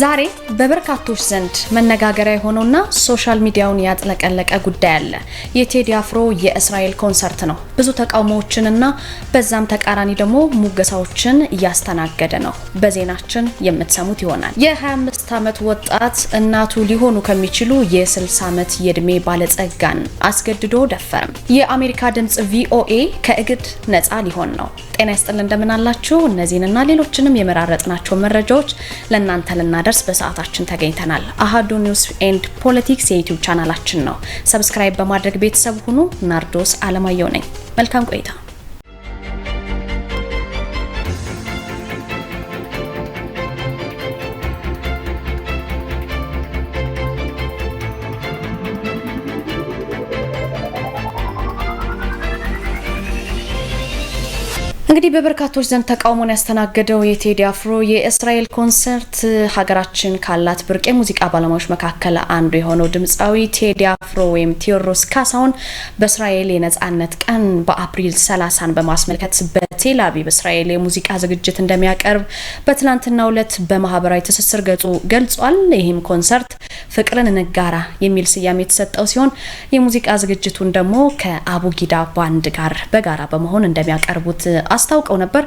ዛሬ በበርካቶች ዘንድ መነጋገሪያ የሆነውና ሶሻል ሚዲያውን ያጥለቀለቀ ጉዳይ አለ። የቴዲ አፍሮ የእስራኤል ኮንሰርት ነው። ብዙ ተቃውሞዎችንና በዛም ተቃራኒ ደግሞ ሙገሳዎችን እያስተናገደ ነው። በዜናችን የምትሰሙት ይሆናል። የ25 ዓመት ወጣት እናቱ ሊሆኑ ከሚችሉ የ60 ዓመት የዕድሜ ባለጸጋን አስገድዶ ደፈርም። የአሜሪካ ድምፅ ቪኦኤ ከእግድ ነፃ ሊሆን ነው። ጤና ይስጥል እንደምናላችሁ። እነዚህንና ሌሎችንም የመራረጥናቸው መረጃዎች ለእናንተ ልናደርስ በሰዓታችን ተገኝተናል። አሃዱ ኒውስ ኤንድ ፖለቲክስ የዩቲዩብ ቻናላችን ነው። ሰብስክራይብ በማድረግ ቤተሰብ ሁኑ። ናርዶስ አለማየሁ ነኝ። መልካም ቆይታ እንግዲህ በበርካቶች ዘንድ ተቃውሞን ያስተናገደው የቴዲ አፍሮ የእስራኤል ኮንሰርት ሀገራችን ካላት ብርቅ የሙዚቃ ባለሙያዎች መካከል አንዱ የሆነው ድምፃዊ ቴዲ አፍሮ ወይም ቴዎድሮስ ካሳሁን በእስራኤል የነፃነት ቀን በአፕሪል 30 በማስመልከት በቴል አቪቭ እስራኤል የሙዚቃ ዝግጅት እንደሚያቀርብ በትናንትናው ዕለት በማህበራዊ ትስስር ገጹ ገልጿል። ይህም ኮንሰርት ፍቅርን ንጋራ የሚል ስያሜ የተሰጠው ሲሆን የሙዚቃ ዝግጅቱን ደግሞ ከአቡጊዳ ባንድ ጋር በጋራ በመሆን እንደሚያቀርቡት አስታውቀው ነበር።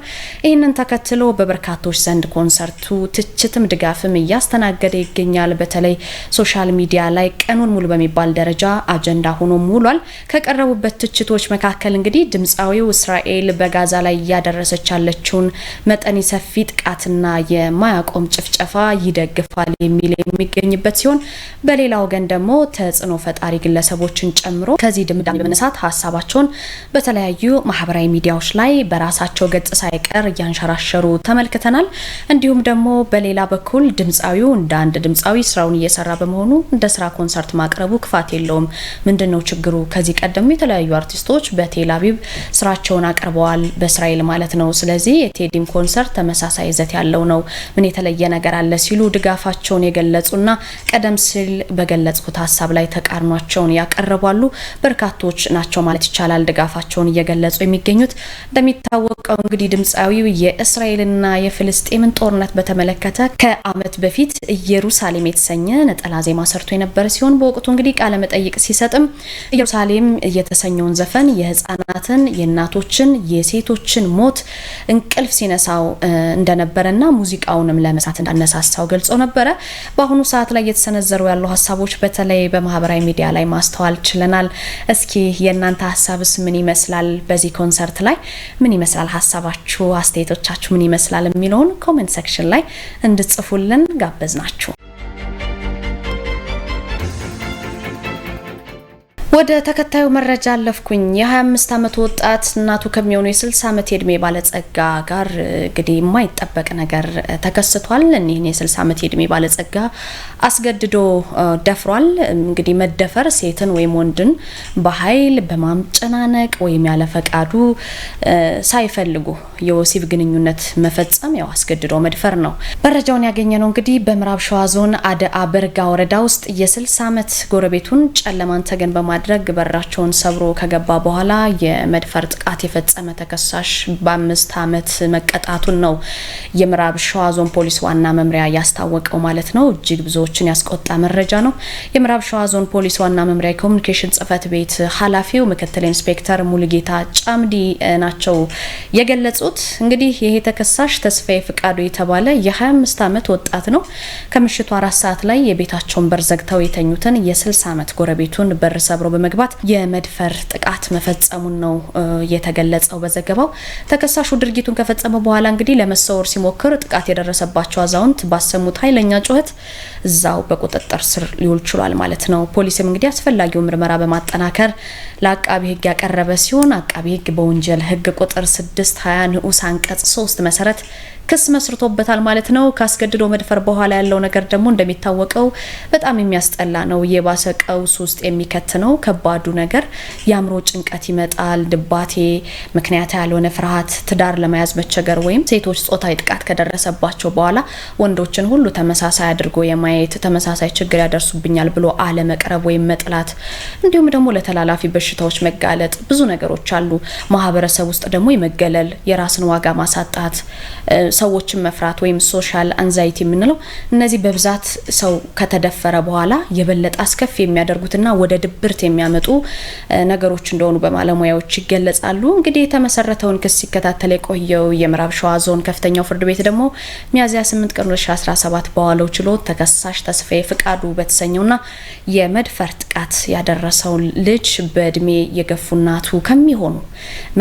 ይህንን ተከትሎ በበርካቶች ዘንድ ኮንሰርቱ ትችትም ድጋፍም እያስተናገደ ይገኛል። በተለይ ሶሻል ሚዲያ ላይ ቀኑን ሙሉ በሚባል ደረጃ አጀንዳ ሆኖ ውሏል። ከቀረቡበት ትችቶች መካከል እንግዲህ ድምፃዊው እስራኤል በጋዛ ላይ እያደረሰች ያለችውን መጠን ሰፊ ጥቃትና የማያቆም ጭፍጨፋ ይደግፋል የሚል የሚገኝበት ሲሆን በሌላ ወገን ደግሞ ተጽዕኖ ፈጣሪ ግለሰቦችን ጨምሮ ከዚህ ድምዳሜ በመነሳት ሀሳባቸውን በተለያዩ ማህበራዊ ሚዲያዎች ላይ በራሳ የገጻቸው ገጽ ሳይቀር እያንሸራሸሩ ተመልክተናል። እንዲሁም ደግሞ በሌላ በኩል ድምፃዊው እንደ አንድ ድምፃዊ ስራውን እየሰራ በመሆኑ እንደ ስራ ኮንሰርት ማቅረቡ ክፋት የለውም። ምንድን ነው ችግሩ? ከዚህ ቀደም የተለያዩ አርቲስቶች በቴል ስራቸውን አቅርበዋል፣ በእስራኤል ማለት ነው። ስለዚህ የቴዲም ኮንሰርት ተመሳሳይ ይዘት ያለው ነው፣ ምን የተለየ ነገር አለ? ሲሉ ድጋፋቸውን የገለጹና ቀደም ሲል በገለጽኩት ሀሳብ ላይ ተቃርኗቸውን ያቀረቧሉ በርካቶች ናቸው ማለት ይቻላል። ድጋፋቸውን እየገለጹ የሚገኙት እንደሚታወቅ እንደሚታወቀው እንግዲህ ድምፃዊው የእስራኤልና የፍልስጤምን ጦርነት በተመለከተ ከዓመት በፊት ኢየሩሳሌም የተሰኘ ነጠላ ዜማ ሰርቶ የነበረ ሲሆን በወቅቱ እንግዲህ ቃለመጠይቅ ሲሰጥም ኢየሩሳሌም የተሰኘውን ዘፈን የህፃናትን፣ የእናቶችን፣ የሴቶችን ሞት እንቅልፍ ሲነሳው እንደነበረና ሙዚቃውንም ለመሳት እንዳነሳሳው ገልጾ ነበረ። በአሁኑ ሰዓት ላይ እየተሰነዘሩ ያሉ ሀሳቦች በተለይ በማህበራዊ ሚዲያ ላይ ማስተዋል ችለናል። እስኪ የእናንተ ሀሳብስ ምን ይመስላል? በዚህ ኮንሰርት ላይ ምን ይመስላል? ይመስላል፣ ሀሳባችሁ አስተያየቶቻችሁ ምን ይመስላል የሚለውን ኮመንት ሴክሽን ላይ እንድጽፉልን ጋበዝ ናችሁ። ወደ ተከታዩ መረጃ አለፍኩኝ። የ25 ዓመት ወጣት እናቱ ከሚሆኑ የ60 ዓመት የእድሜ ባለጸጋ ጋር እንግዲህ የማይጠበቅ ነገር ተከስቷል። እኒህን የ60 ዓመት የእድሜ ባለጸጋ አስገድዶ ደፍሯል። እንግዲህ መደፈር ሴትን ወይም ወንድን በኃይል በማምጨናነቅ ወይም ያለ ፈቃዱ ሳይፈልጉ የወሲብ ግንኙነት መፈጸም ያው አስገድዶ መድፈር ነው። መረጃውን ያገኘ ነው እንግዲህ በምዕራብ ሸዋ ዞን አደአ በርጋ ወረዳ ውስጥ የ60 ዓመት ጎረቤቱን ጨለማን ተገን በማድረግ በማድረግ በራቸውን ሰብሮ ከገባ በኋላ የመድፈር ጥቃት የፈጸመ ተከሳሽ በአምስት ዓመት መቀጣቱን ነው የምዕራብ ሸዋ ዞን ፖሊስ ዋና መምሪያ ያስታወቀው ማለት ነው። እጅግ ብዙዎችን ያስቆጣ መረጃ ነው። የምዕራብ ሸዋ ዞን ፖሊስ ዋና መምሪያ የኮሚኒኬሽን ጽህፈት ቤት ኃላፊው ምክትል ኢንስፔክተር ሙሉጌታ ጫምዲ ናቸው የገለጹት። እንግዲህ ይሄ ተከሳሽ ተስፋዬ ፍቃዱ የተባለ የ25 ዓመት ወጣት ነው። ከምሽቱ አራት ሰዓት ላይ የቤታቸውን በር ዘግተው የተኙትን የ60 ዓመት ጎረቤቱን በር ሰብሮ በመግባት የመድፈር ጥቃት መፈጸሙን ነው የተገለጸው በዘገባው። ተከሳሹ ድርጊቱን ከፈጸመ በኋላ እንግዲህ ለመሰወር ሲሞክር ጥቃት የደረሰባቸው አዛውንት ባሰሙት ኃይለኛ ጩኸት እዛው በቁጥጥር ስር ሊውል ችሏል ማለት ነው። ፖሊስም እንግዲህ አስፈላጊው ምርመራ በማጠናከር ለአቃቢ ሕግ ያቀረበ ሲሆን አቃቢ ሕግ በወንጀል ሕግ ቁጥር 620 ንዑስ አንቀጽ 3 መሰረት ክስ መስርቶበታል ማለት ነው። ካስገድዶ መድፈር በኋላ ያለው ነገር ደግሞ እንደሚታወቀው በጣም የሚያስጠላ ነው። የባሰ ቀውስ ውስጥ የሚከት ነው። ከባዱ ነገር የአእምሮ ጭንቀት ይመጣል፣ ድባቴ፣ ምክንያት ያልሆነ ፍርሃት፣ ትዳር ለመያዝ መቸገር ወይም ሴቶች ጾታዊ ጥቃት ከደረሰባቸው በኋላ ወንዶችን ሁሉ ተመሳሳይ አድርጎ የማየት ተመሳሳይ ችግር ያደርሱብኛል ብሎ አለመቅረብ ወይም መጥላት፣ እንዲሁም ደግሞ ለተላላፊ በሽታዎች መጋለጥ ብዙ ነገሮች አሉ። ማህበረሰብ ውስጥ ደግሞ የመገለል የራስን ዋጋ ማሳጣት ሰዎችን መፍራት ወይም ሶሻል አንዛይቲ የምንለው እነዚህ በብዛት ሰው ከተደፈረ በኋላ የበለጠ አስከፊ የሚያደርጉትና ወደ ድብርት የሚያመጡ ነገሮች እንደሆኑ በባለሙያዎች ይገለጻሉ። እንግዲህ የተመሰረተውን ክስ ሲከታተል የቆየው የምዕራብ ሸዋ ዞን ከፍተኛው ፍርድ ቤት ደግሞ ሚያዝያ 8 ቀን 2017 በዋለው ችሎት ተከሳሽ ተስፋዬ ፍቃዱ በተሰኘውና የመድፈር ጥቃት ያደረሰውን ልጅ በእድሜ የገፉ እናቱ ከሚሆኑ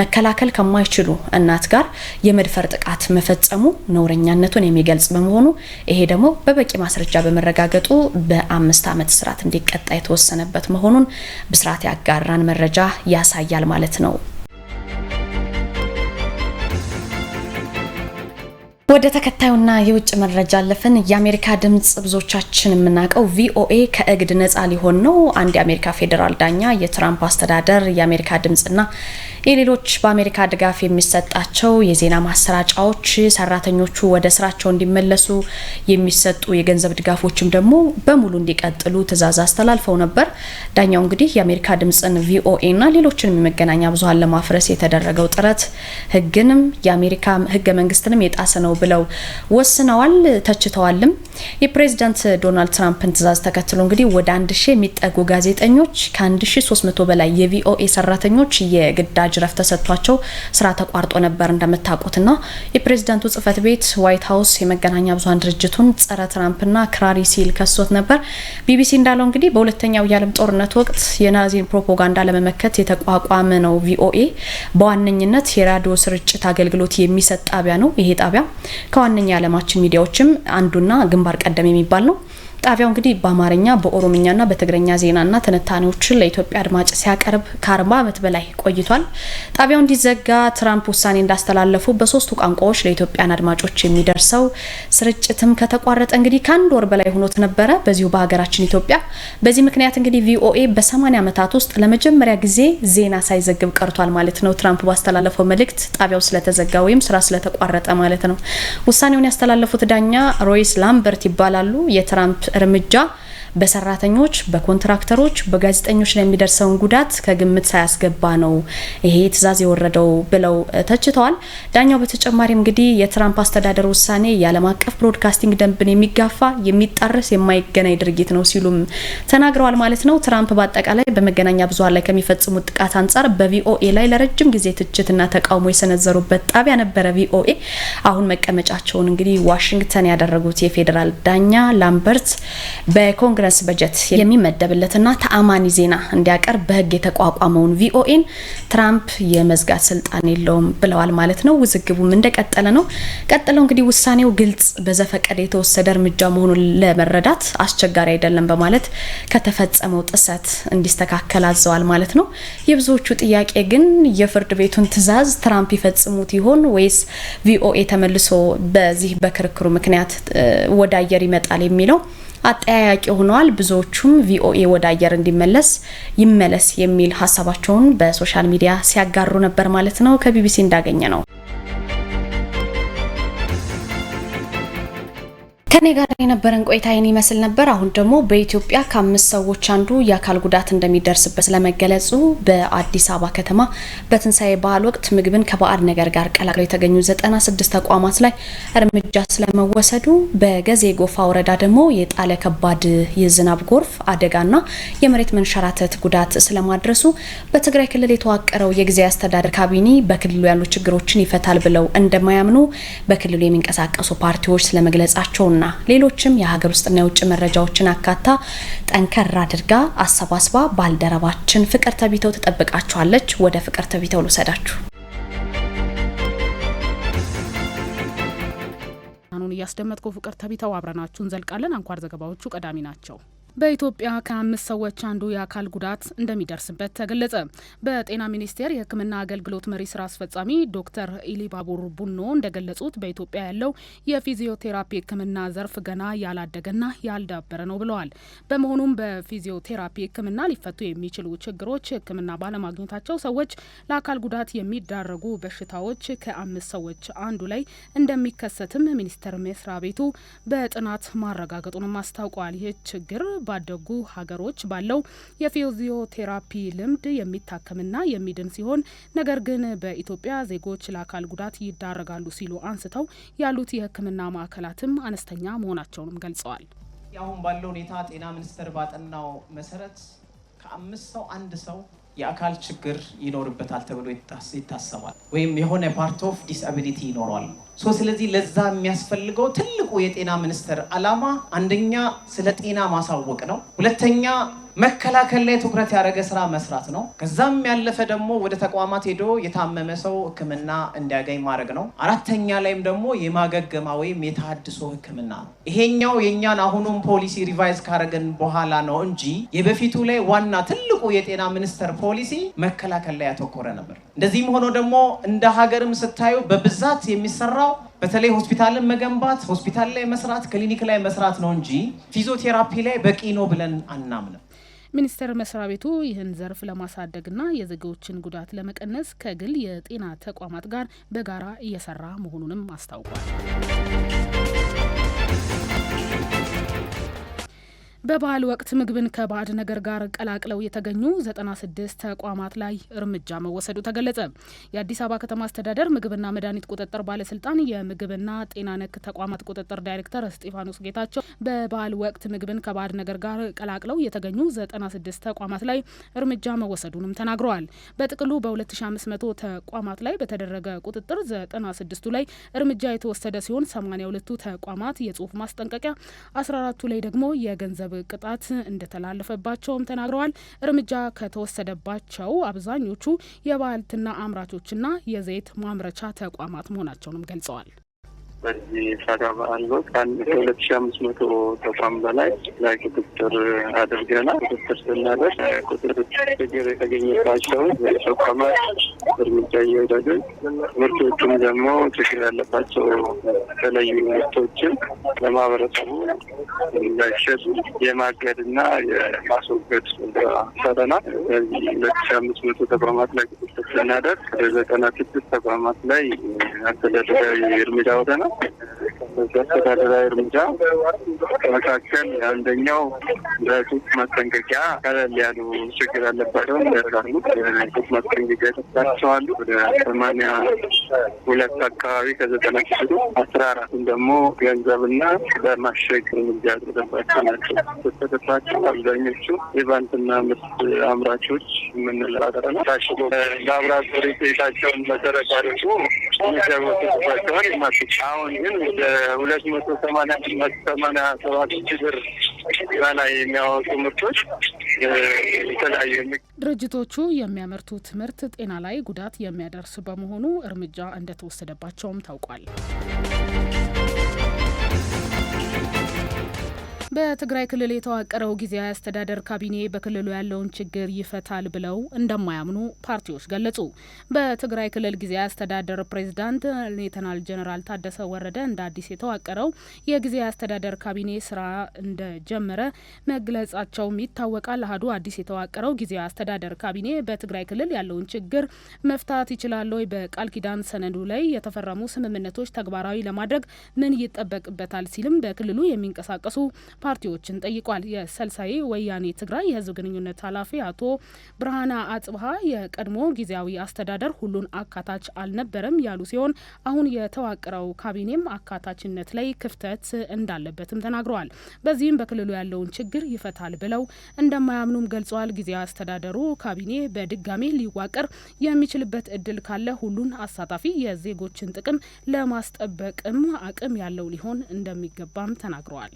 መከላከል ከማይችሉ እናት ጋር የመድፈር ጥቃት መፈጸሙ ስሙ ነውረኛነቱን የሚገልጽ በመሆኑ ይሄ ደግሞ በበቂ ማስረጃ በመረጋገጡ በአምስት ዓመት እስራት እንዲቀጣ የተወሰነበት መሆኑን ብስራት ያጋራን መረጃ ያሳያል ማለት ነው። ወደ ተከታዩና የውጭ መረጃ አለፍን። የአሜሪካ ድምፅ ብዙዎቻችን የምናውቀው ቪኦኤ ከእግድ ነፃ ሊሆን ነው። አንድ የአሜሪካ ፌዴራል ዳኛ የትራምፕ አስተዳደር የአሜሪካ ድምፅና የሌሎች በአሜሪካ ድጋፍ የሚሰጣቸው የዜና ማሰራጫዎች ሰራተኞቹ ወደ ስራቸው እንዲመለሱ የሚሰጡ የገንዘብ ድጋፎችም ደግሞ በሙሉ እንዲቀጥሉ ትዕዛዝ አስተላልፈው ነበር። ዳኛው እንግዲህ የአሜሪካ ድምፅን ቪኦኤና ሌሎችንም የመገናኛ ብዙሃን ለማፍረስ የተደረገው ጥረት ህግንም የአሜሪካ ህገ መንግስትንም የጣሰ ነው ብለው ወስነዋል፣ ተችተዋልም። የፕሬዚዳንት ዶናልድ ትራምፕን ትዕዛዝ ተከትሎ እንግዲህ ወደ አንድ ሺህ የሚጠጉ ጋዜጠኞች ከ1300 በላይ የቪኦኤ ሰራተኞች የግዳጅ ወላጅ ረፍት ተሰጥቷቸው ስራ ተቋርጦ ነበር እንደምታውቁትና የፕሬዚዳንቱ ጽህፈት ቤት ዋይት ሀውስ የመገናኛ ብዙሀን ድርጅቱን ጸረ ትራምፕና ክራሪ ሲል ከሶት ነበር። ቢቢሲ እንዳለው እንግዲህ በሁለተኛው የዓለም ጦርነት ወቅት የናዚን ፕሮፓጋንዳ ለመመከት የተቋቋመ ነው። ቪኦኤ በዋነኝነት የራዲዮ ስርጭት አገልግሎት የሚሰጥ ጣቢያ ነው። ይሄ ጣቢያ ከዋነኛ የዓለማችን ሚዲያዎችም አንዱና ግንባር ቀደም የሚባል ነው። ጣቢያው እንግዲህ በአማርኛ በኦሮምኛና በትግረኛ ዜናና ትንታኔዎችን ለኢትዮጵያ አድማጭ ሲያቀርብ ከአርባ ዓመት በላይ ቆይቷል። ጣቢያው እንዲዘጋ ትራምፕ ውሳኔ እንዳስተላለፉ በሶስቱ ቋንቋዎች ለኢትዮጵያን አድማጮች የሚደርሰው ስርጭትም ከተቋረጠ እንግዲህ ከአንድ ወር በላይ ሆኖት ነበረ በዚሁ በሀገራችን ኢትዮጵያ። በዚህ ምክንያት እንግዲህ ቪኦኤ በ80 ዓመታት ውስጥ ለመጀመሪያ ጊዜ ዜና ሳይዘግብ ቀርቷል ማለት ነው። ትራምፕ ባስተላለፈው መልእክት ጣቢያው ስለተዘጋ ወይም ስራ ስለተቋረጠ ማለት ነው። ውሳኔውን ያስተላለፉት ዳኛ ሮይስ ላምበርት ይባላሉ። የትራምፕ እርምጃ በሰራተኞች፣ በኮንትራክተሮች፣ በጋዜጠኞች ላይ የሚደርሰውን ጉዳት ከግምት ሳያስገባ ነው ይሄ ትዕዛዝ የወረደው ብለው ተችተዋል። ዳኛው በተጨማሪም እንግዲህ የትራምፕ አስተዳደር ውሳኔ የዓለም አቀፍ ብሮድካስቲንግ ደንብን የሚጋፋ የሚጣረስ የማይገናኝ ድርጊት ነው ሲሉም ተናግረዋል ማለት ነው። ትራምፕ በአጠቃላይ በመገናኛ ብዙኃን ላይ ከሚፈጽሙት ጥቃት አንጻር በቪኦኤ ላይ ለረጅም ጊዜ ትችትና ተቃውሞ የሰነዘሩበት ጣቢያ ነበረ ቪኦኤ። አሁን መቀመጫቸውን እንግዲህ ዋሽንግተን ያደረጉት የፌዴራል ዳኛ ላምበርት በኮንግረ የኮንፈረንስ በጀት የሚመደብለትና ተአማኒ ዜና እንዲያቀርብ በህግ የተቋቋመውን ቪኦኤን ትራምፕ የመዝጋት ስልጣን የለውም ብለዋል ማለት ነው። ውዝግቡም እንደቀጠለ ነው። ቀጥለው እንግዲህ ውሳኔው ግልጽ፣ በዘፈቀደ የተወሰደ እርምጃ መሆኑን ለመረዳት አስቸጋሪ አይደለም በማለት ከተፈጸመው ጥሰት እንዲስተካከል አዘዋል ማለት ነው። የብዙዎቹ ጥያቄ ግን የፍርድ ቤቱን ትዕዛዝ ትራምፕ ይፈጽሙት ይሆን ወይስ ቪኦኤ ተመልሶ በዚህ በክርክሩ ምክንያት ወደ አየር ይመጣል የሚለው አጠያያቂ ሆነዋል። ብዙዎቹም ቪኦኤ ወደ አየር እንዲመለስ ይመለስ የሚል ሀሳባቸውን በሶሻል ሚዲያ ሲያጋሩ ነበር ማለት ነው። ከቢቢሲ እንዳገኘ ነው። ከኔ ጋር የነበረን ቆይታ ይህን ይመስል ነበር። አሁን ደግሞ በኢትዮጵያ ከአምስት ሰዎች አንዱ የአካል ጉዳት እንደሚደርስበት ስለመገለጹ በአዲስ አበባ ከተማ በትንሣኤ በዓል ወቅት ምግብን ከባዕድ ነገር ጋር ቀላቅለው የተገኙ 96 ተቋማት ላይ እርምጃ ስለመወሰዱ፣ በገዜ ጎፋ ወረዳ ደግሞ የጣለ ከባድ የዝናብ ጎርፍ አደጋና የመሬት መንሸራተት ጉዳት ስለማድረሱ፣ በትግራይ ክልል የተዋቀረው የጊዜ አስተዳደር ካቢኔ በክልሉ ያሉ ችግሮችን ይፈታል ብለው እንደማያምኑ በክልሉ የሚንቀሳቀሱ ፓርቲዎች ስለመግለጻቸውና ዜናና ሌሎችም የሀገር ውስጥና የውጭ መረጃዎችን አካታ ጠንከር አድርጋ አሰባስባ ባልደረባችን ፍቅር ተቢተው ትጠብቃችኋለች። ወደ ፍቅር ተቢተው ልውሰዳችሁ። አሁን እያስደመጥከው ፍቅር ተቢተው አብረናችሁ እንዘልቃለን። አንኳር ዘገባዎቹ ቀዳሚ ናቸው። በኢትዮጵያ ከአምስት ሰዎች አንዱ የአካል ጉዳት እንደሚደርስበት ተገለጸ። በጤና ሚኒስቴር የሕክምና አገልግሎት መሪ ስራ አስፈጻሚ ዶክተር ኢሊባቡር ቡኖ እንደገለጹት በኢትዮጵያ ያለው የፊዚዮቴራፒ ሕክምና ዘርፍ ገና ያላደገና ያልዳበረ ነው ብለዋል። በመሆኑም በፊዚዮቴራፒ ሕክምና ሊፈቱ የሚችሉ ችግሮች ሕክምና ባለማግኘታቸው ሰዎች ለአካል ጉዳት የሚዳረጉ በሽታዎች ከአምስት ሰዎች አንዱ ላይ እንደሚከሰትም ሚኒስቴር መስሪያ ቤቱ በጥናት ማረጋገጡንም አስታውቋል። ይህ ችግር ባደጉ ሀገሮች ባለው የፊዚዮቴራፒ ልምድ የሚታከምና የሚድን ሲሆን ነገር ግን በኢትዮጵያ ዜጎች ለአካል ጉዳት ይዳረጋሉ ሲሉ አንስተው ያሉት የሕክምና ማዕከላትም አነስተኛ መሆናቸውንም ገልጸዋል። አሁን ባለው ሁኔታ ጤና ሚኒስቴር ባጠናው መሰረት ከአምስት ሰው አንድ ሰው የአካል ችግር ይኖርበታል ተብሎ ይታሰባል፣ ወይም የሆነ ፓርት ኦፍ ዲስአቢሊቲ ይኖረዋል። ሶ ስለዚህ ለዛ የሚያስፈልገው ትልቁ የጤና ሚኒስቴር ዓላማ አንደኛ ስለ ጤና ማሳወቅ ነው። ሁለተኛ መከላከል ላይ ትኩረት ያደረገ ስራ መስራት ነው። ከዛም ያለፈ ደግሞ ወደ ተቋማት ሄዶ የታመመ ሰው ሕክምና እንዲያገኝ ማድረግ ነው። አራተኛ ላይም ደግሞ የማገገማ ወይም የተሃድሶ ሕክምና ነው። ይሄኛው የእኛን አሁኑም ፖሊሲ ሪቫይዝ ካረግን በኋላ ነው እንጂ የበፊቱ ላይ ዋና ትልቁ የጤና ሚኒስቴር ፖሊሲ መከላከል ላይ ያተኮረ ነበር። እንደዚህም ሆኖ ደግሞ እንደ ሀገርም ስታዩ በብዛት የሚሰራው በተለይ ሆስፒታልን መገንባት፣ ሆስፒታል ላይ መስራት፣ ክሊኒክ ላይ መስራት ነው እንጂ ፊዚዮቴራፒ ላይ በቂ ነው ብለን አናምንም። ሚኒስቴር መስሪያ ቤቱ ይህን ዘርፍ ለማሳደግና የዜጎችን ጉዳት ለመቀነስ ከግል የጤና ተቋማት ጋር በጋራ እየሰራ መሆኑንም አስታውቋል። በበዓል ወቅት ምግብን ከባዕድ ነገር ጋር ቀላቅለው የተገኙ 96 ተቋማት ላይ እርምጃ መወሰዱ ተገለጸ። የአዲስ አበባ ከተማ አስተዳደር ምግብና መድኃኒት ቁጥጥር ባለስልጣን የምግብና ጤና ነክ ተቋማት ቁጥጥር ዳይሬክተር እስጢፋኖስ ጌታቸው በበዓል ወቅት ምግብን ከባዕድ ነገር ጋር ቀላቅለው የተገኙ 96 ተቋማት ላይ እርምጃ መወሰዱንም ተናግረዋል። በጥቅሉ በ2500 ተቋማት ላይ በተደረገ ቁጥጥር 96ቱ ላይ እርምጃ የተወሰደ ሲሆን 82ቱ ተቋማት የጽሁፍ ማስጠንቀቂያ፣ 14ቱ ላይ ደግሞ የገንዘብ ቅጣት እንደተላለፈባቸውም ተናግረዋል። እርምጃ ከተወሰደባቸው አብዛኞቹ የባልትና አምራቾችና የዘይት ማምረቻ ተቋማት መሆናቸውንም ገልጸዋል። በዚህ ሳዳ በዓል ወቅት አንድ ከሁለት ሺ አምስት መቶ ተቋም በላይ ላይ ቁጥጥር አድርገናል። ቁጥጥር ስናደርግ ቁጥጥር ችግር የተገኘባቸውን ተቋማት እርምጃ እየወሰዱ ምርቶቹም ደግሞ ችግር ያለባቸው የተለዩ ምርቶችን ለማህበረሰቡ የማገድ የማገድና የማስወገድ ሰረናል። በዚህ ሁለት ሺ አምስት መቶ ተቋማት ላይ ቁጥጥር ስናደርግ ወደ ዘጠና ስድስት ተቋማት ላይ ያልተደረገ እርምጃ ወደናል። በዚህ እርምጃ መካከል አንደኛው በሱስ ማስጠንቀቂያ ቀለል ያሉ ችግር አለባቸውን ያሉ ሱስ ማስጠንቀቂያ ተሰጥቷቸዋል። ወደ ሰማንያ ሁለት አካባቢ ከዘጠና ክፍሉ አስራ አራቱን ደግሞ ገንዘብና በማሸግ እርምጃ ያደረባቸው ናቸው። ተሰጥቷቸው አብዛኞቹ ኢቫንትና ምርት አምራቾች የምንለጠረ ታሽጎ ላብራቶሪ ቤታቸውን መሰረት አድርጎ ሚዘቦ ተሰጥቷቸዋል። አሁን ግን ወደ ሁለት መቶ ሰማንያ ሰማንያ ሰባት ሺህ ብር በላይ የሚያወጡ ምርቶች የተለያዩ ድርጅቶቹ የሚያመርቱት ምርት ጤና ላይ ጉዳት የሚያደርስ በመሆኑ እርምጃ እንደተወሰደባቸውም ታውቋል። በትግራይ ክልል የተዋቀረው ጊዜያዊ አስተዳደር ካቢኔ በክልሉ ያለውን ችግር ይፈታል ብለው እንደማያምኑ ፓርቲዎች ገለጹ። በትግራይ ክልል ጊዜያዊ አስተዳደር ፕሬዚዳንት ሌተናል ጀነራል ታደሰ ወረደ እንደ አዲስ የተዋቀረው የጊዜያዊ አስተዳደር ካቢኔ ስራ እንደጀመረ መግለጻቸውም ይታወቃል። አህዱ አዲስ የተዋቀረው ጊዜያዊ አስተዳደር ካቢኔ በትግራይ ክልል ያለውን ችግር መፍታት ይችላል ወይ? በቃል ኪዳን ሰነዱ ላይ የተፈረሙ ስምምነቶች ተግባራዊ ለማድረግ ምን ይጠበቅበታል? ሲልም በክልሉ የሚንቀሳቀሱ ፓርቲዎችን ጠይቋል። የሰልሳይ ወያኔ ትግራይ የህዝብ ግንኙነት ኃላፊ አቶ ብርሃና አጽብሀ የቀድሞ ጊዜያዊ አስተዳደር ሁሉን አካታች አልነበረም ያሉ ሲሆን አሁን የተዋቀረው ካቢኔም አካታችነት ላይ ክፍተት እንዳለበትም ተናግረዋል። በዚህም በክልሉ ያለውን ችግር ይፈታል ብለው እንደማያምኑም ገልጸዋል። ጊዜያዊ አስተዳደሩ ካቢኔ በድጋሜ ሊዋቀር የሚችልበት እድል ካለ ሁሉን አሳታፊ የዜጎችን ጥቅም ለማስጠበቅም አቅም ያለው ሊሆን እንደሚገባም ተናግረዋል።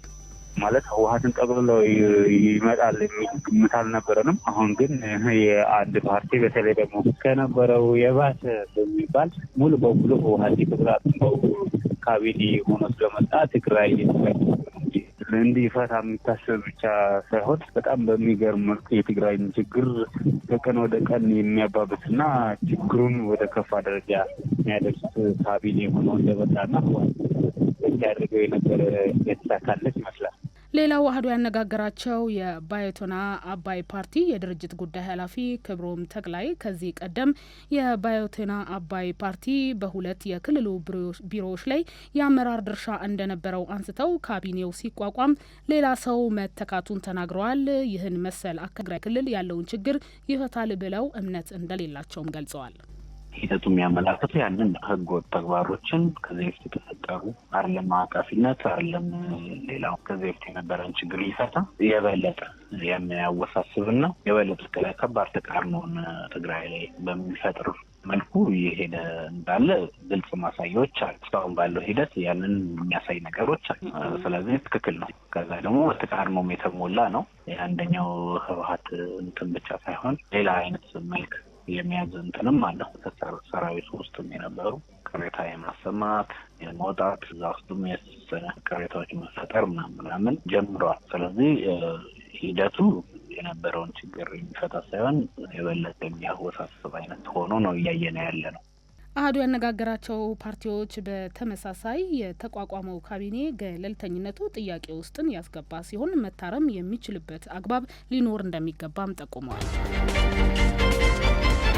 ማለት ህወሀትን ጠቅልሎ ይመጣል የሚል ግምት አልነበረንም። አሁን ግን የአንድ ፓርቲ በተለይ ደግሞ ከነበረው የባሰ በሚባል ሙሉ በሙሉ ህወሀት የትግራይ ካቢኔ ሆኖ ስለመጣ ትግራይ እንዲፈታ የሚታሰብ ብቻ ሳይሆን በጣም በሚገርም መልኩ የትግራይን ችግር ከቀን ወደ ቀን የሚያባብስና ችግሩን ወደ ከፋ ደረጃ የሚያደርስ ካቢኔ ሆኖ እንደመጣና ያደርገው የነበረ የተሳካለት ይመስላል። ሌላው አህዱ ያነጋገራቸው የባዮቶና አባይ ፓርቲ የድርጅት ጉዳይ ኃላፊ ክብሮም ተክላይ ከዚህ ቀደም የባዮቶና አባይ ፓርቲ በሁለት የክልሉ ቢሮዎች ላይ የአመራር ድርሻ እንደነበረው አንስተው ካቢኔው ሲቋቋም ሌላ ሰው መተካቱን ተናግረዋል። ይህን መሰል አከግራይ ክልል ያለውን ችግር ይፈታል ብለው እምነት እንደሌላቸውም ገልጸዋል። ሂደቱ የሚያመላክተው ያንን ህገወጥ ተግባሮችን ከዚህ በፊት የተፈጠሩ አለም አቃፊነት አለም ሌላው ከዚህ በፊት የነበረን ችግር ሊፈታ የበለጠ ና የበለጠ ከባድ ተቃርኖን ትግራይ ላይ በሚፈጥር መልኩ እየሄደ እንዳለ ግልጽ ማሳያዎች አሉ። እስካሁን ባለው ሂደት ያንን የሚያሳይ ነገሮች አሉ። ስለዚህ ትክክል ነው። ከዛ ደግሞ ተቃርኖም የተሞላ ነው። የአንደኛው ህወሀት እንትን ብቻ ሳይሆን ሌላ አይነት መልክ የሚያዝ እንትንም አለው ሰራዊት ውስጥም የነበሩ ቅሬታ የማሰማት የመውጣት እዛ ውስጥም የተወሰነ ቅሬታዎች መፈጠር ምናምን ጀምሯል። ስለዚህ ሂደቱ የነበረውን ችግር የሚፈታ ሳይሆን የበለጠ የሚያወሳስብ አይነት ሆኖ ነው እያየነ ያለ ነው። አህዱ ያነጋገራቸው ፓርቲዎች በተመሳሳይ የተቋቋመው ካቢኔ ገለልተኝነቱ ጥያቄ ውስጥን ያስገባ ሲሆን መታረም የሚችልበት አግባብ ሊኖር እንደሚገባም ጠቁመዋል።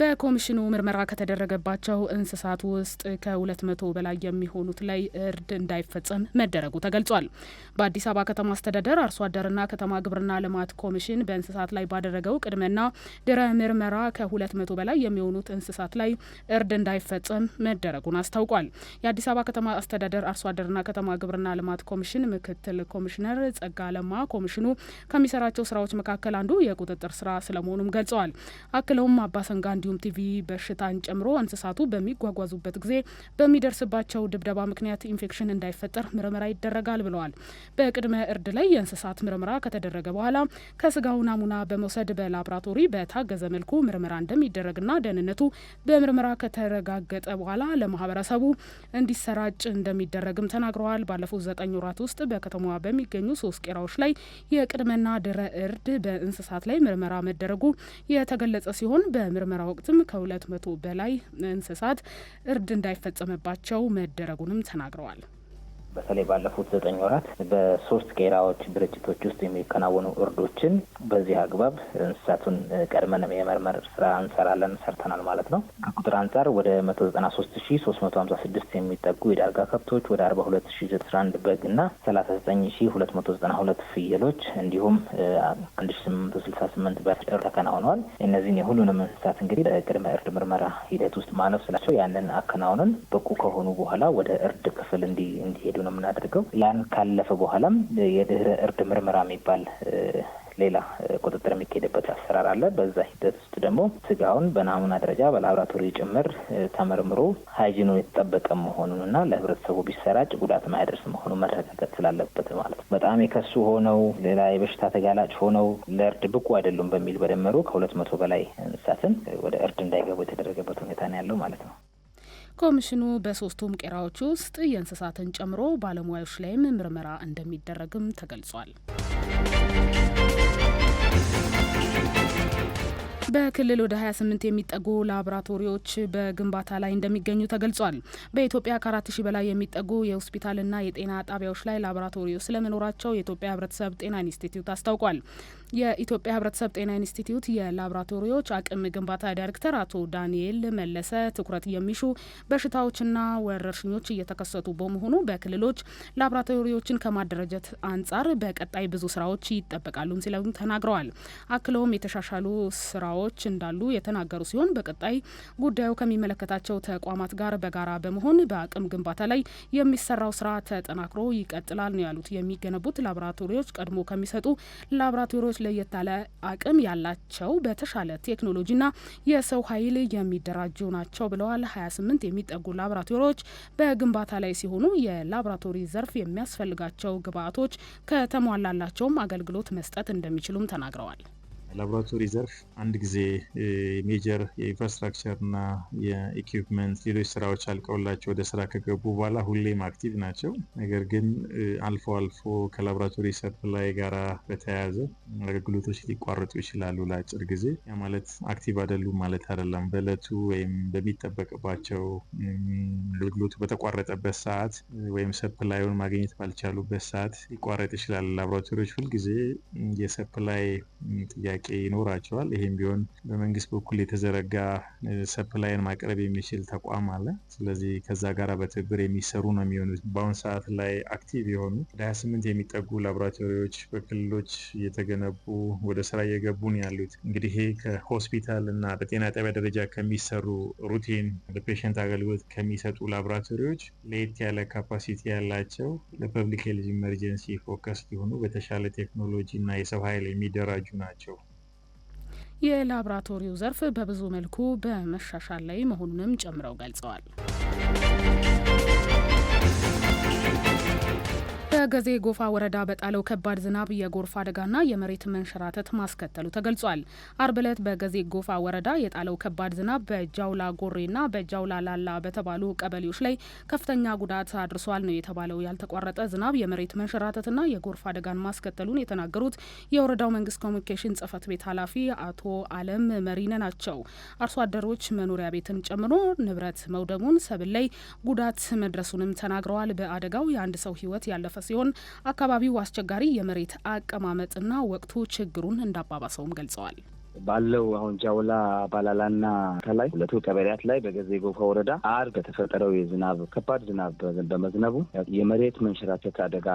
በኮሚሽኑ ምርመራ ከተደረገባቸው እንስሳት ውስጥ ከሁለት መቶ በላይ የሚሆኑት ላይ እርድ እንዳይፈጸም መደረጉ ተገልጿል። በአዲስ አበባ ከተማ አስተዳደር አርሶ አደርና ከተማ ግብርና ልማት ኮሚሽን በእንስሳት ላይ ባደረገው ቅድመና ድረ ምርመራ ከሁለት መቶ በላይ የሚሆኑት እንስሳት ላይ እርድ እንዳይፈጸም መደረጉን አስታውቋል። የአዲስ አበባ ከተማ አስተዳደር አርሶ አደርና ከተማ ግብርና ልማት ኮሚሽን ምክትል ኮሚሽነር ጸጋ ለማ ኮሚሽኑ ከሚሰራቸው ስራዎች መካከል አንዱ የቁጥጥር ስራ ስለመሆኑም ገልጸዋል። አክለውም አባሰንጋ እንዲ እንዲሁም ቲቪ በሽታን ጨምሮ እንስሳቱ በሚጓጓዙበት ጊዜ በሚደርስባቸው ድብደባ ምክንያት ኢንፌክሽን እንዳይፈጠር ምርመራ ይደረጋል ብለዋል። በቅድመ እርድ ላይ የእንስሳት ምርመራ ከተደረገ በኋላ ከስጋው ናሙና በመውሰድ በላብራቶሪ በታገዘ መልኩ ምርመራ እንደሚደረግና ደህንነቱ በምርመራ ከተረጋገጠ በኋላ ለማህበረሰቡ እንዲሰራጭ እንደሚደረግም ተናግረዋል። ባለፉት ዘጠኝ ወራት ውስጥ በከተማዋ በሚገኙ ሶስት ቄራዎች ላይ የቅድመና ድረ እርድ በእንስሳት ላይ ምርመራ መደረጉ የተገለጸ ሲሆን በምርመራው ወቅትም ከሁለት መቶ በላይ እንስሳት እርድ እንዳይፈጸምባቸው መደረጉንም ተናግረዋል። በተለይ ባለፉት ዘጠኝ ወራት በሶስት ቄራዎች ድርጅቶች ውስጥ የሚከናወኑ እርዶችን በዚህ አግባብ እንስሳቱን ቀድመን የመርመር ስራ እንሰራለን ሰርተናል ማለት ነው። ከቁጥር አንጻር ወደ መቶ ዘጠና ሶስት ሺ ሶስት መቶ ሀምሳ ስድስት የሚጠጉ የዳርጋ ከብቶች ወደ አርባ ሁለት ሺ ዘጠና አንድ በግ ና ሰላሳ ዘጠኝ ሺ ሁለት መቶ ዘጠና ሁለት ፍየሎች እንዲሁም አንድ ሺ ስምንት መቶ ስልሳ ስምንት በእርድ ተከናውነዋል። እነዚህን የሁሉንም እንስሳት እንግዲህ በቅድመ እርድ ምርመራ ሂደት ውስጥ ማለፍ ስላቸው ያንን አከናውነን ብቁ ከሆኑ በኋላ ወደ እርድ ክፍል እንዲሄዱ ነው የምናደርገው። ያን ካለፈ በኋላም የድህረ እርድ ምርመራ የሚባል ሌላ ቁጥጥር የሚካሄድበት አሰራር አለ። በዛ ሂደት ውስጥ ደግሞ ስጋውን በናሙና ደረጃ በላብራቶሪ ጭምር ተመርምሮ ሀይጂኑ የተጠበቀ መሆኑን እና ለህብረተሰቡ ቢሰራጭ ጉዳት ማያደርስ መሆኑ መረጋገጥ ስላለበት ማለት ነው። በጣም የከሱ ሆነው ሌላ የበሽታ ተጋላጭ ሆነው ለእርድ ብቁ አይደሉም በሚል በደመሩ ከሁለት መቶ በላይ እንስሳትን ወደ እርድ እንዳይገቡ የተደረገበት ሁኔታ ነው ያለው ማለት ነው። ኮሚሽኑ በሶስቱም ቄራዎች ውስጥ የእንስሳትን ጨምሮ ባለሙያዎች ላይም ምርመራ እንደሚደረግም ተገልጿል። በክልል ወደ 28 የሚጠጉ ላቦራቶሪዎች በግንባታ ላይ እንደሚገኙ ተገልጿል። በኢትዮጵያ 4 ሺህ በላይ የሚጠጉ የሆስፒታልና የጤና ጣቢያዎች ላይ ላቦራቶሪዎች ስለመኖራቸው የኢትዮጵያ ሕብረተሰብ ጤና ኢንስቲትዩት አስታውቋል። የኢትዮጵያ ህብረተሰብ ጤና ኢንስቲትዩት የላብራቶሪዎች አቅም ግንባታ ዳይሬክተር አቶ ዳንኤል መለሰ ትኩረት የሚሹ በሽታዎችና ወረርሽኞች እየተከሰቱ በመሆኑ በክልሎች ላብራቶሪዎችን ከማደረጀት አንጻር በቀጣይ ብዙ ስራዎች ይጠበቃሉም ሲለም ተናግረዋል። አክለውም የተሻሻሉ ስራዎች እንዳሉ የተናገሩ ሲሆን በቀጣይ ጉዳዩ ከሚመለከታቸው ተቋማት ጋር በጋራ በመሆን በአቅም ግንባታ ላይ የሚሰራው ስራ ተጠናክሮ ይቀጥላል ነው ያሉት። የሚገነቡት ላብራቶሪዎች ቀድሞ ከሚሰጡ ላቦራቶሪዎች ሌሎች ለየት ያለ አቅም ያላቸው በተሻለ ቴክኖሎጂና የሰው ኃይል የሚደራጁ ናቸው ብለዋል። 28 የሚጠጉ ላቦራቶሪዎች በግንባታ ላይ ሲሆኑ የላቦራቶሪ ዘርፍ የሚያስፈልጋቸው ግብአቶች ከተሟላላቸውም አገልግሎት መስጠት እንደሚችሉም ተናግረዋል። ላቦራቶሪ ዘርፍ አንድ ጊዜ ሜጀር የኢንፍራስትራክቸር እና የኢኩፕመንት ሌሎች ስራዎች አልቀውላቸው ወደ ስራ ከገቡ በኋላ ሁሌም አክቲቭ ናቸው። ነገር ግን አልፎ አልፎ ከላቦራቶሪ ሰፕላይ ጋር በተያያዘ አገልግሎቶች ሊቋረጡ ይችላሉ ለአጭር ጊዜ። ያ ማለት አክቲቭ አይደሉም ማለት አይደለም። በእለቱ ወይም በሚጠበቅባቸው አገልግሎቱ በተቋረጠበት ሰዓት ወይም ሰፕላዩን ማግኘት ባልቻሉበት ሰዓት ሊቋረጥ ይችላል። ላቦራቶሪዎች ሁልጊዜ የሰፕላይ ጥያቄ ጥያቄ ይኖራቸዋል። ይሄም ቢሆን በመንግስት በኩል የተዘረጋ ሰፕላይን ማቅረብ የሚችል ተቋም አለ። ስለዚህ ከዛ ጋር በትብብር የሚሰሩ ነው የሚሆኑት። በአሁኑ ሰዓት ላይ አክቲቭ የሆኑ ወደ 28 የሚጠጉ ላቦራቶሪዎች በክልሎች እየተገነቡ ወደ ስራ እየገቡ ነው ያሉት። እንግዲህ ይሄ ከሆስፒታል እና በጤና ጣቢያ ደረጃ ከሚሰሩ ሩቲን ለፔሽንት አገልግሎት ከሚሰጡ ላቦራቶሪዎች ለየት ያለ ካፓሲቲ ያላቸው ለፐብሊክ ሄልዝ ኢመርጀንሲ ፎከስ የሆኑ በተሻለ ቴክኖሎጂ እና የሰው ኃይል የሚደራጁ ናቸው። የላብራቶሪው ዘርፍ በብዙ መልኩ በመሻሻል ላይ መሆኑንም ጨምረው ገልጸዋል። በገዜ ጎፋ ወረዳ በጣለው ከባድ ዝናብ የጎርፍ አደጋና የመሬት መንሸራተት ማስከተሉ ተገልጿል። አርብ ዕለት በገዜ ጎፋ ወረዳ የጣለው ከባድ ዝናብ በጃውላ ጎሬና በጃውላ ላላ በተባሉ ቀበሌዎች ላይ ከፍተኛ ጉዳት አድርሷል ነው የተባለው። ያልተቋረጠ ዝናብ የመሬት መንሸራተትና የጎርፍ አደጋን ማስከተሉን የተናገሩት የወረዳው መንግስት ኮሚኒኬሽን ጽህፈት ቤት ኃላፊ አቶ አለም መሪነ ናቸው። አርሶ አደሮች መኖሪያ ቤትን ጨምሮ ንብረት መውደሙን፣ ሰብል ላይ ጉዳት መድረሱንም ተናግረዋል። በአደጋው የአንድ ሰው ህይወት ያለፈ ሲሆን ሲሆን አካባቢው አስቸጋሪ የመሬት አቀማመጥና ወቅቱ ችግሩን እንዳባባሰውም ገልጸዋል። ባለው አሁን ጃውላ ባላላና ከላይ ሁለቱ ቀበሌያት ላይ በገዜ ጎፋ ወረዳ አርብ በተፈጠረው የዝናብ ከባድ ዝናብ በመዝነቡ የመሬት መንሸራተት አደጋ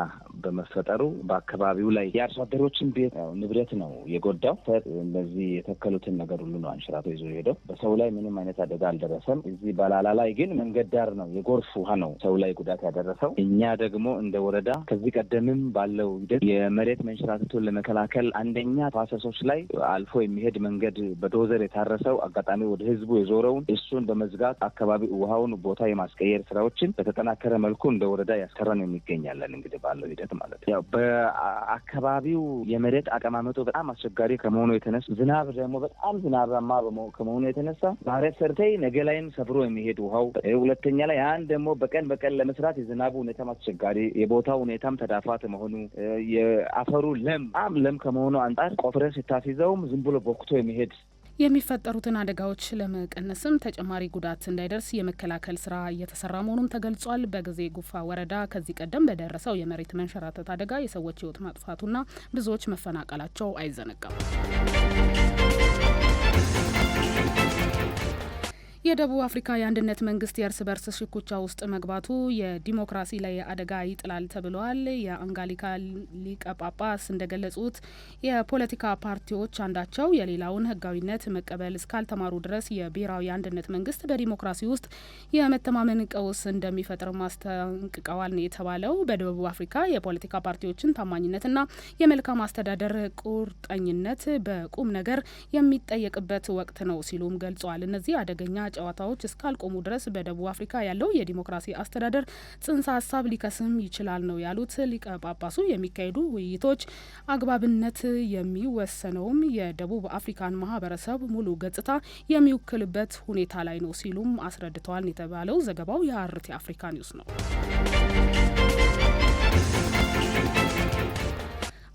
በመፈጠሩ በአካባቢው ላይ የአርሶ አደሮችን ቤት ንብረት ነው የጎዳው። እነዚህ የተከሉትን ነገር ሁሉ ነው አንሸራቶ ይዞ ሄደው። በሰው ላይ ምንም አይነት አደጋ አልደረሰም። እዚህ ባላላ ላይ ግን መንገድ ዳር ነው የጎርፍ ውሃ ነው ሰው ላይ ጉዳት ያደረሰው። እኛ ደግሞ እንደ ወረዳ ከዚህ ቀደምም ባለው ሂደት የመሬት መንሸራተቱን ለመከላከል አንደኛ ተፋሰሶች ላይ አልፎ የሚሄድ የሚሄድ መንገድ በዶዘር የታረሰው አጋጣሚ ወደ ህዝቡ የዞረውን እሱን በመዝጋት አካባቢ ውሃውን ቦታ የማስቀየር ስራዎችን በተጠናከረ መልኩ እንደ ወረዳ ያሰራን የሚገኛለን። እንግዲህ ባለው ሂደት ማለት ነው። ያው በአካባቢው የመሬት አቀማመጡ በጣም አስቸጋሪ ከመሆኑ የተነሳ ዝናብ ደግሞ በጣም ዝናባማ ከመሆኑ የተነሳ ማረት ሰርተይ ነገ ላይም ሰብሮ የሚሄድ ውሃው፣ ሁለተኛ ላይ ያን ደግሞ በቀን በቀን ለመስራት የዝናቡ ሁኔታም አስቸጋሪ የቦታ ሁኔታም ተዳፋት መሆኑ የአፈሩ ለም በጣም ለም ከመሆኑ አንጻር ቆፍረ ስታስይዘውም ዝም ብሎ ወቅቶ የመሄድ የሚፈጠሩትን አደጋዎች ለመቀነስም ተጨማሪ ጉዳት እንዳይደርስ የመከላከል ስራ እየተሰራ መሆኑም ተገልጿል። በጊዜ ጉፋ ወረዳ ከዚህ ቀደም በደረሰው የመሬት መንሸራተት አደጋ የሰዎች ህይወት ማጥፋቱና ብዙዎች መፈናቀላቸው አይዘነጋም። የደቡብ አፍሪካ የአንድነት መንግስት የእርስ በርስ ሽኩቻ ውስጥ መግባቱ የዲሞክራሲ ላይ አደጋ ይጥላል ተብሏል። የአንጋሊካ ሊቀ ጳጳስ እንደገለጹት የፖለቲካ ፓርቲዎች አንዳቸው የሌላውን ህጋዊነት መቀበል እስካልተማሩ ድረስ የብሔራዊ አንድነት መንግስት በዲሞክራሲ ውስጥ የመተማመን ቀውስ እንደሚፈጥር ማስጠንቅቀዋል ነው የተባለው። በደቡብ አፍሪካ የፖለቲካ ፓርቲዎችን ታማኝነትና የመልካም አስተዳደር ቁርጠኝነት በቁም ነገር የሚጠየቅበት ወቅት ነው ሲሉም ገልጸዋል። እነዚህ አደገኛ ጨዋታዎች እስካልቆሙ ድረስ በደቡብ አፍሪካ ያለው የዲሞክራሲ አስተዳደር ጽንሰ ሀሳብ ሊከስም ይችላል ነው ያሉት ሊቀ ጳጳሱ። የሚካሄዱ ውይይቶች አግባብነት የሚወሰነውም የደቡብ አፍሪካን ማህበረሰብ ሙሉ ገጽታ የሚወክልበት ሁኔታ ላይ ነው ሲሉም አስረድተዋል የተባለው ዘገባው የአርቴ አፍሪካ ኒውስ ነው።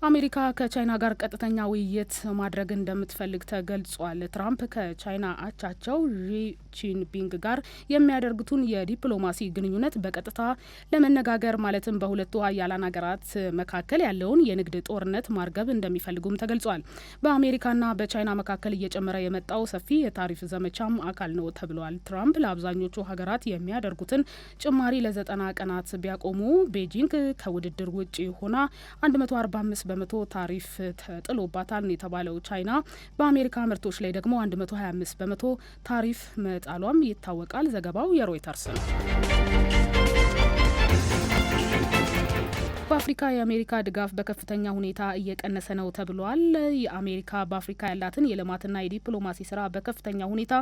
አሜሪካ ከቻይና ጋር ቀጥተኛ ውይይት ማድረግ እንደምትፈልግ ተገልጿል። ትራምፕ ከቻይና አቻቸው ዢ ጂንፒንግ ጋር የሚያደርጉትን የዲፕሎማሲ ግንኙነት በቀጥታ ለመነጋገር ማለትም በሁለቱ ሀያላን ሀገራት መካከል ያለውን የንግድ ጦርነት ማርገብ እንደሚፈልጉም ተገልጿል። በአሜሪካና በቻይና መካከል እየጨመረ የመጣው ሰፊ የታሪፍ ዘመቻም አካል ነው ተብሏል። ትራምፕ ለአብዛኞቹ ሀገራት የሚያደርጉትን ጭማሪ ለዘጠና ቀናት ቢያቆሙ ቤጂንግ ከውድድር ውጭ ሆና 145 በመቶ ታሪፍ ተጥሎባታል የተባለው ቻይና በአሜሪካ ምርቶች ላይ ደግሞ 125 በመቶ ታሪፍ መጣሏም ይታወቃል። ዘገባው የሮይተርስ ነው። አፍሪካ የአሜሪካ ድጋፍ በከፍተኛ ሁኔታ እየቀነሰ ነው ተብሏል። የአሜሪካ በአፍሪካ ያላትን የልማትና የዲፕሎማሲ ስራ በከፍተኛ ሁኔታ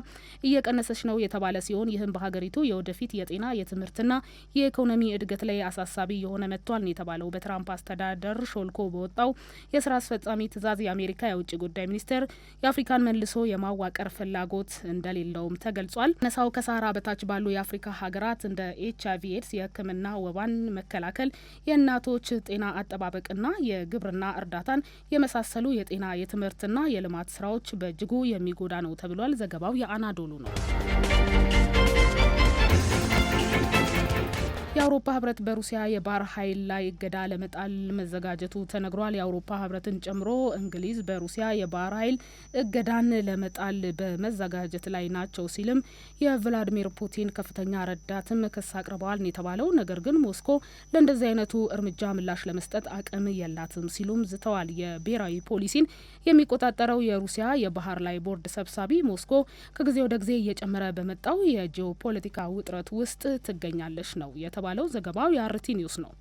እየቀነሰች ነው የተባለ ሲሆን ይህም በሀገሪቱ የወደፊት የጤና የትምህርትና የኢኮኖሚ እድገት ላይ አሳሳቢ የሆነ መጥቷል የተባለው። በትራምፕ አስተዳደር ሾልኮ በወጣው የስራ አስፈጻሚ ትዕዛዝ የአሜሪካ የውጭ ጉዳይ ሚኒስቴር የአፍሪካን መልሶ የማዋቀር ፍላጎት እንደሌለውም ተገልጿል። ነሳው ከሳራ በታች ባሉ የአፍሪካ ሀገራት እንደ ኤች አይቪ ኤድስ፣ የህክምና ወባን መከላከል፣ የእናቶች ጤና አጠባበቅና የግብርና እርዳታን የመሳሰሉ የጤና የትምህርትና የልማት ስራዎች በእጅጉ የሚጎዳ ነው ተብሏል። ዘገባው የአናዶሉ ነው። የአውሮፓ ህብረት በሩሲያ የባህር ኃይል ላይ እገዳ ለመጣል መዘጋጀቱ ተነግሯል። የአውሮፓ ህብረትን ጨምሮ እንግሊዝ በሩሲያ የባህር ኃይል እገዳን ለመጣል በመዘጋጀት ላይ ናቸው ሲልም የቭላዲሚር ፑቲን ከፍተኛ ረዳትም ክስ አቅርበዋል ነው የተባለው። ነገር ግን ሞስኮ ለእንደዚህ አይነቱ እርምጃ ምላሽ ለመስጠት አቅም የላትም ሲሉም ዝተዋል። የብሔራዊ ፖሊሲን የሚቆጣጠረው የሩሲያ የባህር ላይ ቦርድ ሰብሳቢ ሞስኮ ከጊዜ ወደ ጊዜ እየጨመረ በመጣው የጂኦፖለቲካ ውጥረት ውስጥ ትገኛለች ነው የተባለው ዘገባው የአርቲ ኒውስ ነው።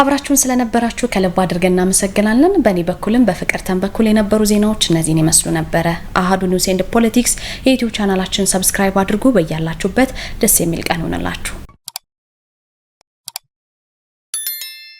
አብራችሁን ስለነበራችሁ ከልብ አድርገን እናመሰግናለን። በእኔ በኩልም በፍቅርተን በኩል የነበሩ ዜናዎች እነዚህን ይመስሉ ነበረ። አሀዱ ኒውስ ኤንድ ፖለቲክስ የዩትዩብ ቻናላችን ሰብስክራይብ አድርጉ። በያላችሁበት ደስ የሚል ቀን ሆነላችሁ።